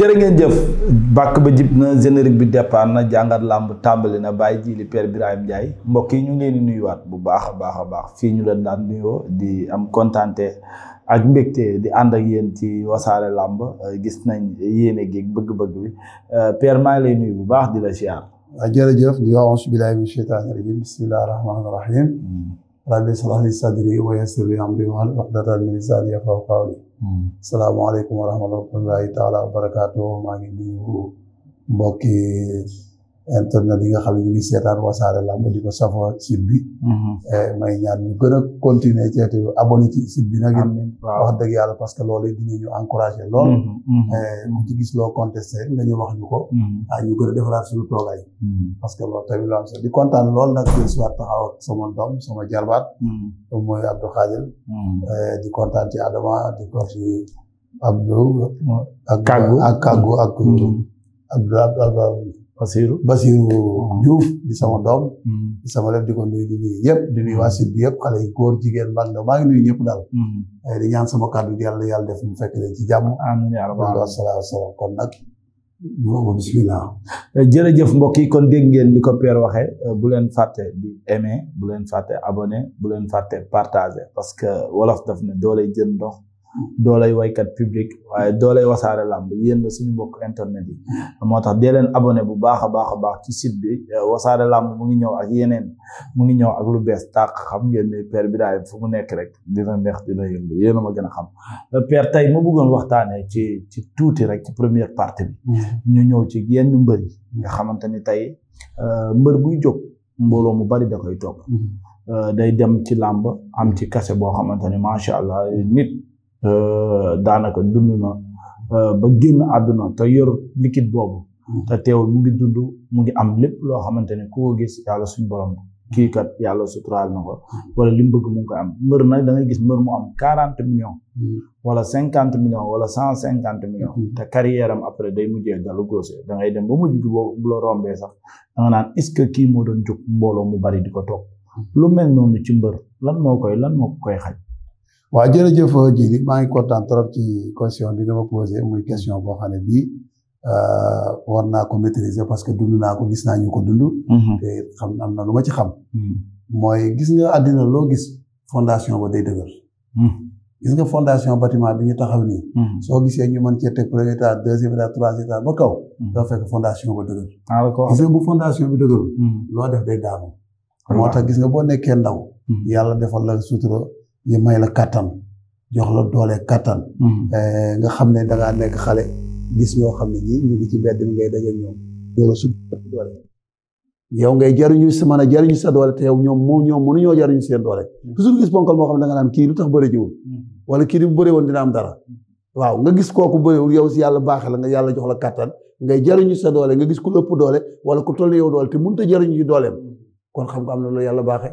jërë ngeen jëf bàkk ba jib na générique bi départ na jàngat làmb tàmbali na bàyyi jiili Père Birahim Ndiaye mbokk yi ñu ngeen leen di nuyuwaat bu baax a baax a baax fii ñu leen daan nuyoo di am kontante ak mbégte di ànd ak yéen ci wasaare làmb euh, gis nañ yéene géeg bëgg-bëgg bi euh, Père maa lay nuyu bu baax di la ziar. waaw jërëjëf di wax auzu billaahi mina sheytaani rajiim bismillaahi rahiim hmm. rabbi ishrah li sadri wa yassir li amri wahlul uqdatan min lisani yafqahu qawli hmm. salaamaaleykum wa rahmatullahi taala wa barakaatuh maa ngi nuyu mbokki internet yi nga xam ne ñu ngi seetaan wasaare lamb di ko safoo site mm-hmm. eh, may ñaan ñu gën a continuer ceete yu abonné ci site bi nag. wax dëgg yàlla parce que loolu ñu encouragé lool. mu mm-hmm, mm-hmm. eh, ci gis loo contesté nga wax ñu ko. ah ñu gën a defaraat suñu toogaay. parce que loolu tamit lu di kontaan lool nag di suwaat taxaw ak sama doom sama jarbaat. mooy Abdou Khadir. Eh, di kontaan ci Adama di ko ci Abdou. ak ah, Kaggu ak Kaggu ak. Abdou Abdou Basiru Basiru Diouf di sama doom mm. sama lef di ko nuyu di yëpp di nuyu waa bi yëpp xale yi góor jigéen mag ndaw maa ngi nuyu ñëpp daal mm. eh, di ñaan sama kàddu yàlla yàlla def mu fekk leen ci jàmm amiin yaa rabbi wasalaam salaam kon nag moom bismillah eh, jërëjëf mbokk kon dégg ngeen di ko Père waxee eh, bu leen fàtte di aimer bu leen fàtte abonné bu leen fàtte partager parce que wolof daf ne doole jën ndox doolay waykat public waaye doolay wasaare làmb yéen la suñu mbokk internet yi moo tax dee leen abone bu baax a baax a baax ci site bi eh, wasaare làmb mu ngi ñëw ak yeneen mu ngi ñëw ak lu bees tàq xam ngeen ni père bi daay fu mu nekk rek dina neex dina yëngu yéen ma gën a xam eh, père tey ma bëggoon waxtaanee ci ci tuuti rek ci première partie bi mm. ñu ñëw ci yenn mbër yi nga xamante ni tey eh, mbër buy jóg mbooloo mu bari da koy toog mm. day dem ci làmb am ci kase boo xamante ni macha allah Euh, daanaka dund euh, ba génn àdduna te yor liquide boobu. Hmm. te teewul mu ngi dund mu ngi am lépp loo xamante ne ko gis yàlla suñu borom kii kat yàlla suturaal na ko. Hmm. wala li mu bëgg mu ngi am mbër nag da ngay gis mbër mu am quarante millions. Hmm. wala cinquante millions wala cent cinquante millions. te carrière am après day mujjee dalu góose da ngay dem ba mujj gi boo bu la rombee sax da nga naan est-ce kii moo doon jóg mbooloo mu bari di ko toog. lu mel noonu ci mbër lan moo koy lan moo koy xaj. waaw jërëjëf Djily maa ngi kontaan trop ci question bi nga ma posé muy question boo xam ne bii euh, war naa ko maîtriser parce que dund naa ko gis naa ñu ko dund. Mm-hmm. te xam am na lu ma ci xam. Mm-hmm. mooy gis nga àddina loo gis fondation ba day dëgër. Mm-hmm. gis nga fondation bâtiment bi ñu taxaw nii. soo gisee ñu mën cee teg premier étage deuxième étage ba kaw. doo fekk fondation ba dëgër. Ah, gis nga bu fondation bi dëgërul. loo def day daanu. moo tax gis nga boo nekkee ndaw. yàlla defal la sutura. yi may la kàttan jox la doole kàttan hmm. eh, nga xam ne dangaa nekk xale gis ñoo xam ne ñii ñu ngi ci mbedd mi ngay daje ñoom loolu su doole yow ngay jariñu sa mën a jariñu sa doole te yow ñoom moom ñoom mënuñoo jariñu seen doole hmm. toujours moo xam ne danga naan kii lu tax bëri jiwul hmm. wala kii di bu woon dina am dara waaw nga gis kooku bëriwul yow si yàlla baaxe la nga yàlla jox la kàttan ngay jariñu sa doole nga gis ku ëpp doole wala ku toll yow doole te mun a jariñu ci dooleem kon xam nga am na loolu yàlla baaxe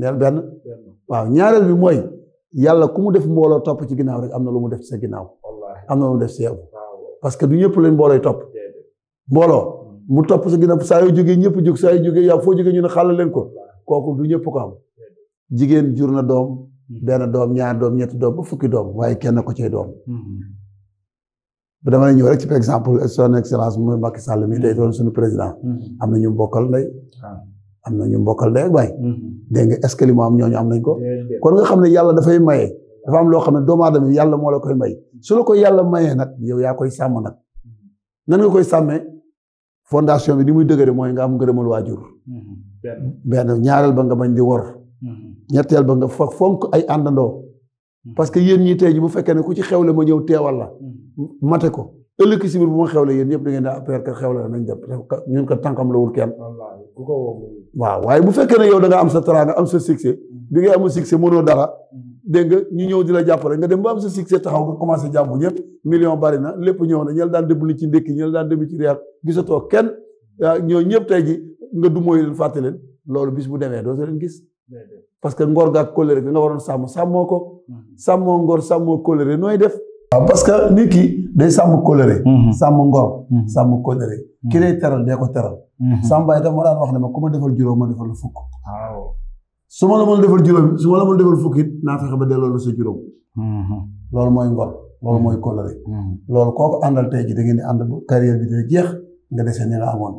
neel benn waaw ñaareel bi mooy yàlla ku mu def mbooloo topp ci ginnaaw rek am na lu mu def ci sa ginnaaw am na lu mu def ci parce que du ñëpp lañ mboolooy topp mbooloo mm. mu topp sa ginnaaw saa yoo jógee ñëpp jóg saa yoo jógee yow foo ñu ne xàll leen ko kooku du ñëpp ko am jigéen jur na doom mm. benn doom ñaar doom ñetti doom fukki doom waaye kenn ko cay doom mm. bu dama ñëw rek ci par exemple son excellence mooy Macky Sall mi tey suñu président am na ñu bokkal ndey ah. am na ñu mbokkal ndey ak baay mm-hmm. dégg nga est-ce que li am ñooñu am nañ ko kon nga xam ne yàlla dafay maye dafa am loo xam ne doomu aadama bi yàlla moo la koy may su la ko yàlla mayee nag yow yaa koy sàmm nag mm-hmm. nan nga koy sàmme fondation bi ni muy dëgëre mooy nga am ngërëmal waajur mm-hmm. benn ñaareel ba nga bañ di wor ñetteel ba nga fonk ay àndandoo parce que yéen ñi tey bu fekkee ne ku ci xewle ma ñëw teewal la mate ko ëllëg si biir bu ma xewle yéen ñëpp da ngeen ko tànkam lawul kenn waaye bu fekkee ne yow da am sa teraanga am sa succès bi ngay amul dara dégg nga ñu ñëw di la jàppale nga dem ba am sa succès taxaw nga commencé jàpp ñëpp million bari na lépp ñëw na ñel daan débli ci ndékki ñel daan débli ci reer gisatoo kenn ah, ñëw ñëpp tey ji nga du mooy leen fàtte leen loolu bis bu demee doo leen gis parce que ngor gaak kóllëre nga waroon sàmm sàmmoo ko hmm. sàmmoo ngor sàmmoo kóllëre nooy def waaw parce que nit ki day sàmm kóllëre mhm. sàmm ngor mhm. sàmm kóllëre mhm. ki lay teral dee ko teral sàmm baay dafa ma daan wax ne ma ku ma defal juróom ma defal la fukk su ma la mën a defal juróom la mën a fukk it naa fexe ba delloo la sa juróom loolu mooy ngor loolu mooy kóllëre loolu kooku àndal tey ji da ngeen di ànd carrière bi dina jeex nga dese ni nga amoon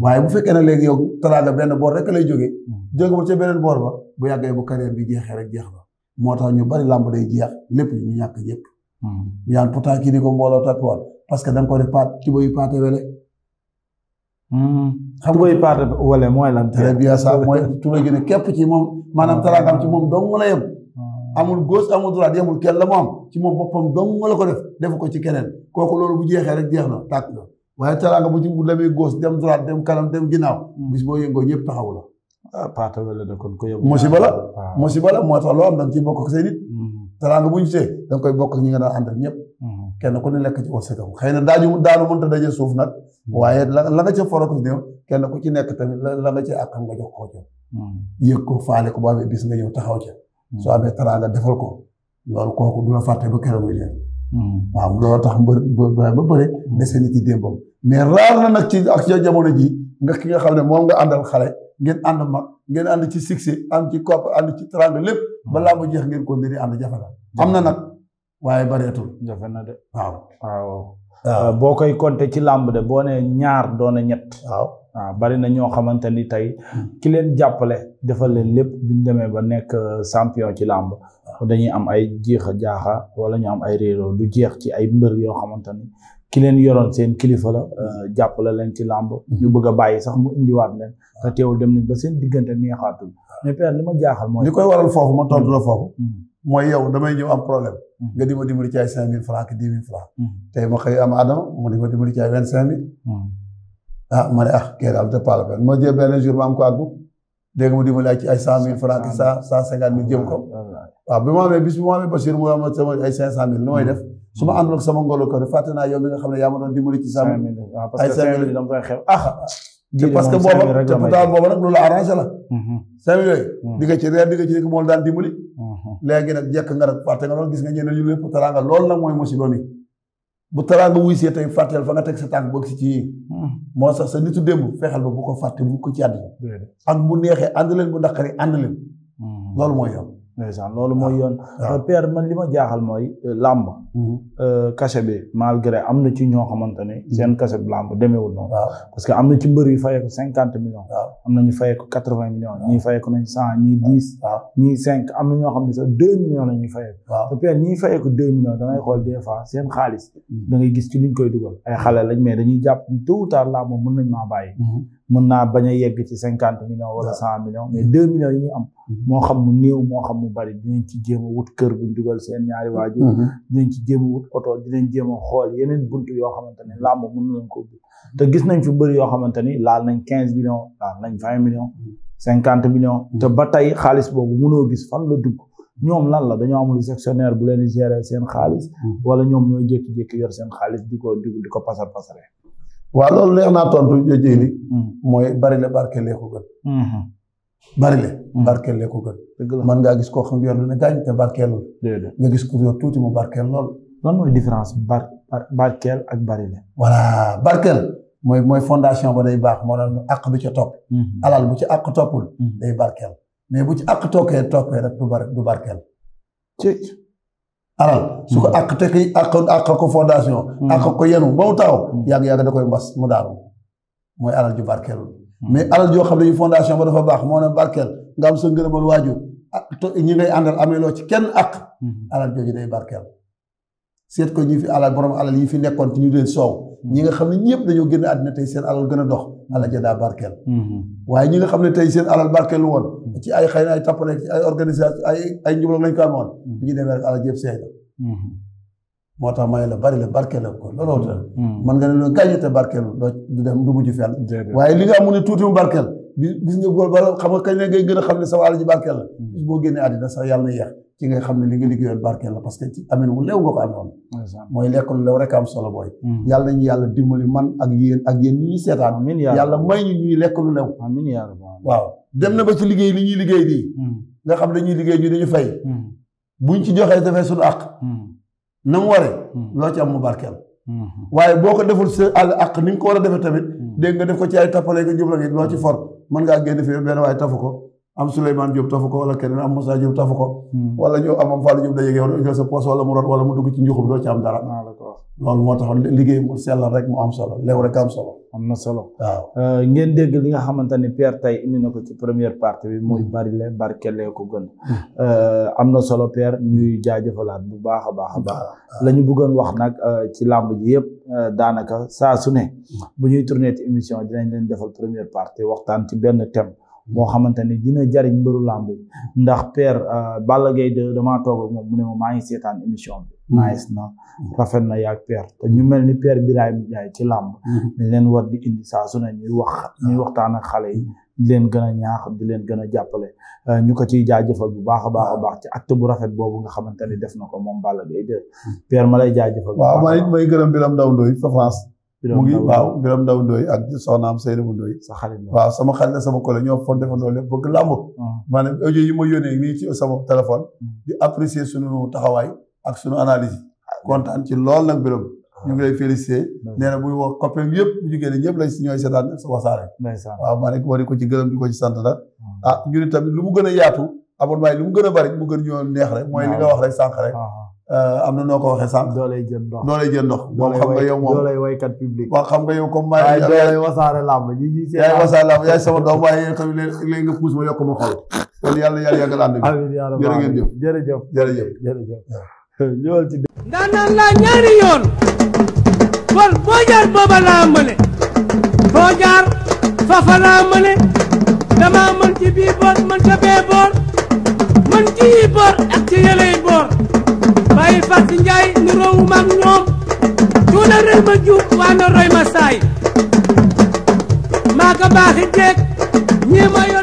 waaye bu fekkee ne léegi yow talaata benn boor rek lay jógee jóge ba ca beneen boor ba bu yàggee bu carrière bi jeexee rek jeex ba moo tax ñu bari làmb day jeex lépp ñu ñàkk yépp Hmm. yaan pourtant kii di ko mbooloo takkuwaat parce que da nga ko def paat tuba yu paate wele. Hmm. xam nga yu paate wele mooy lan. très bien képp ci moom maanaam hmm. talaataam ci moom dong la yem. amul gauche amul droite yemul kenn la moom ci moom boppam ko ci keneen kooku loolu bu jeexee rek jeex na tàkk na waaye talaanga bu ci bu demee gauche dem droite dem kanam dem ginnaaw. bis boo yëngoo ñëpp taxaw la. ah paate wele de ah. tax loo am da nga ciy bokk nit. teraanga bu ñu see da koy bokk ñi nga daan àndal ñëpp. Mm-hmm. kenn ku ne lekk ci wërsëgam xëy na daañu daanu mënta daje suuf nag. Mm-hmm. waaye la la nga ca foroko néew kenn ku ci nekk tamit la la ci àqam nga jox ko jox. Mm-hmm. yëg ko faale ko boo amee bis nga ñëw taxaw ca. soo amee teraanga defal ko. loolu kooku du la fàtte ba keroog muy waaw loolu tax mbër ba ba bëri. dese nit yi démbam mais raar na nag ci ak jamono ji nga ki nga xam ne moom nga àndal xale ngeen ànd mag ngeen ànd ci succès ànd ci kopp ànd ci teraanga lépp. ba làmb jeex ngeen ko ndiri ànd jafe la am na nag waaye bareetul jafe na de waaw waaw euh, boo koy compter ci làmb de boo ne ñaar doona ñett waaw waaw bari na ñoo xamante ni tey hmm. ki leen jàppale defal leen lépp bu ñu demee ba nekk euh, champion ci làmb dañuy am ay jeex a jaaxa wala ñu am ay réeroo du jeex ci ay mbër yoo xamante ni ki leen yoroon seen kilifa la euh, hmm. jàppale leen ci làmb hmm. ñu bëgg a bàyyi sax mu indiwaat leen te teewul dem nañ ba seen diggante neexaatul mais père ma jaaxal mooy. li koy waral foofu ma tontu la foofu. Hmm. mooy yow damay ñëw am problème. Hmm. nga di ma dimbali ci ay cinq mille franc dix mille franc. Hmm. tey ma xëy ma dimbali ci ay vingt cinq mille. Ah, ma ne ah kii daal te pas la peine ma jël benn jour ko àggu. dégg nga mu jëm ko. waaw bi ma amee bis bi ma amee Bachir mu am sama ay cinq cent mille nu may def. su ma àndoon ak sama ngolo ko fàtte naa yow mi nga xam ne yaa ma doon dimbali ci. cinq mille ay cinq mille ah. te parce que booba te pourtant booba nag loolu arrangé la mm-hmm. sami yooyu mm-hmm. di ci reer di ci rek moom daan dimbali mm-hmm. léegi nag jekk nga nag fàtte nga loolu gis nga ñeneen yu lépp taraanga loolu nag mooy musiba mi bu taraanga wuy see tey fàtteel fa nga teg sa tànk bëgg si ci yii moo sax sa nitu démb fexeel ba bu ko fàtte bu ko ci ànd ak bu neexee ànd leen bu naqari ànd loolu mooy yow ndeysaan loolu mooy yoon. Euh, père man li ma jaaxal mooy euh, làmb. Mhm. Euh, cachet bi malgré am na ci ñoo xamante ne mhm. seen cachet bi làmb demeewul noonu. parce que am na ci mbër yu fayee ko cinquante millions. am na ñu fayee ko quatre vingt millions. ñii fayee ko nañ cent ñii dix. ñii cinq am na ñoo xam ne sax deux millions la ñuy fayee ko. waaw te père ñii deux millions da xool des fois seen xaalis. Mhm. da ngay gis ci liñ koy dugal. ay xale lañ mais dañuy jàpp tôt ou tard làmb mën nañ maa bàyyi. mën naa bañ a yegg ci cinquante millions wala cent millions mais mm-hmm. deux millions yi ñu am mm-hmm. moo xam mu néew moo xam mu bari dinañ ci jéem a wut kër buñ dugal seen ñaari waajur mm-hmm. dinañ ci jéem a wut oto dinañ jéem a xool yeneen bunt yoo xamante ne làmb mën nañ ko ubbi te gis nañ fi bëri yoo xamante ni laal nañ quinze millions laal nañ vingt million cinquante millions te ba tey xaalis boobu munoo gis fan la dugg ñoom lan la dañoo amul sectionnaire bu leen gérer seen xaalis wala ñoom ñoo jékki-jékki yor seen xaalis di ko di ko pasar pasare waaw loolu neex naa tontu jëjëy hmm. mooy bari la barke lee ko gën hmm. bari le hmm. barkeel lee ko gën man ngaa gis koo xam yor na ne gaañ te barkeelul nga gis ko yor tuuti mu barkeel lool lan mooy différence bar barkeel ak bari le voilà barkeel mooy mooy fondation ba day baax moo doon àq du ca topp alal bu ci àq toppul day barkeel mais bu ci àq tokkee toppee rek du bar du barkeel alal su ko àq te ki àq àq ko fondation hmm. àq ko yenu ba mu taxaw yàgg-yàgg da koy mbas mu daanu mooy alal ju barkeel hmm. mais alal joo xam ne ñu fondation ba dafa baax moo ne barkeel nga am sa ngërëmal waajur ah, ñi ngay àndal amee loo ci kenn àq hmm. alal jooju day barkeel seet ko ñi fi alal borom alal yi fi nekkoon ti ñu leen soow ñi nga xam ne ñëpp dañoo génn àddina tey seen alal gën a dox ala ja daa barkeel mm-hmm. waaye ñi nga xam ne tey seen alal barkeel lu woon ci ay xëy na ay tappale ci ay organisation ay ay njublo lañ ko amoon mm-hmm. bi ñu demee rek alal jëpp seey mm-hmm. moo tax may la bari la barkeeloo ko looloo tax man nga ne loolu gàññe te barkeelu doo du dem du mujj fenn waaye li nga am mu ne tuuti mu barkeel bi gis nga bool ba xam nga kañ la ngay gën a xam ne sa wàll ji barkeel la mm. bis boo génnee àddina sax yàlla na yeex ci nga xam ne li nga liggéeyoon barkeel la parce que ci amin wu leew nga ko amoon mooy lekk lu leew rek am solo booy mm. yàlla nañu yàlla dimbali man ak yéen ak yéen ñi ñuy seetaan yàlla lekk lu leew waaw dem na ba ci liggéey li ñuy liggéey nii mm. nga xam dañuy liggéey ñu dañu fay buñ ci joxee dafay suñu àq na mu waree loo ci am mu barkeel mm-hmm. waaye boo ko deful sa àll àq ni nga ko war a defee tamit dégg nga def ko ci ay tappale nga ngi loo ci for mën ngaa génn fii benn waaye tafu ko am Souleymane Diop tafu ko wala keneen am Moussa Diop tafu ko. Hmm. wala ñu am am Fallou Diop dajeeg yow jël sa poos wala mu rot wala mu dugg ci njuxum doo ci am dara. loolu moo tax liggéey mu sellal rek mu am solo leew rek am solo. am na solo. waaw euh, ngeen dégg li nga xamante ne Père tey indi na ko ci première partie bi mooy hmm. barile barkele ko gën. Hmm. Euh, am na solo Père ñuy jaajëfalaat bu baax a baax a baax. la ñu bëggoon wax nag euh, ci làmb ji yëpp daanaka saa su ne bu ñuy tourné ci émission dinañ leen defal première partie waxtaan ci benn thème. boo xamante ne dina jariñ mbëru làmb yi ndax père euh, Balla Gaye de damaa toog ak moom mu ne ma maa ngi seetaan émission bi mm-hmm. nice na rafet na yaag per te ñu mel ni père Birahim Ndiaye ci làmb mm-hmm. dañ leen war di indi saa su ne ñuy wax ñuy waxtaan xale yi mm-hmm. leen gën a ñaax di leen gën a jàppale euh, ñu ko ciy jaajëfal bu baax a baax a baax ci acte bu rafet boobu nga xamante ne def na ko moom Balla Gaye de père ma lay jaajëfal waaw man it may gërëm Birame Ndaw Ndoye fa France mu ngi waaw Biram Ndaw Ndoy ak soxnaam Seynabou Ndoy sa xarit la waaw sama xarit la sama collègue ñoo fon defandoo lépp bëgg làmb mm. maanaam audio yi ma yónnee nii ci sama téléphone mm. di apprécier suñu taxawaay ak suñu analyse kontaan ci lool nag Biram ñu ngi lay félicité nee buy wax coppem yëpp jigéen génne ñëpp lañ si ñooy seetaan sa wasaare waaw maa nekk war ko ci gërëm di ko ci sant nag mm. ah ñu ne tamit lu mu gën a yaatu abonnement yi lu mu gën a bari mu gën ñoo neex rek mooy li nga rek Euh, am na noo ko waxee sànq. dooley jën ndox dooley jën ndox. moom xam nga yow moom dooley waykat public. waaw xam nga yow comme maa ngi. dooley wasaare làmb ñi ñi seen. yaay wasaare làmb yaay sama doom waaye yow tamit léegi nga puus ma yokk ma xol. kon yàlla yàlla yàggal ànd bi. amiin yàlla jërë ngeen jëf jërëjëf jërëjëf jërëjëf. ñëwal ci. ndaanaan laa ñaari yoon. kon boo jaar booba laa mëne. boo jaar fafa laa mëne. damaa mën ci bii boor mën ca bee boor mën ci yii boor ak ci yële Fatou Ndiaye nu roowu maag ñoom a rëy ma juub waa na roy ma saay maa ko baaxi jeeg ñii ma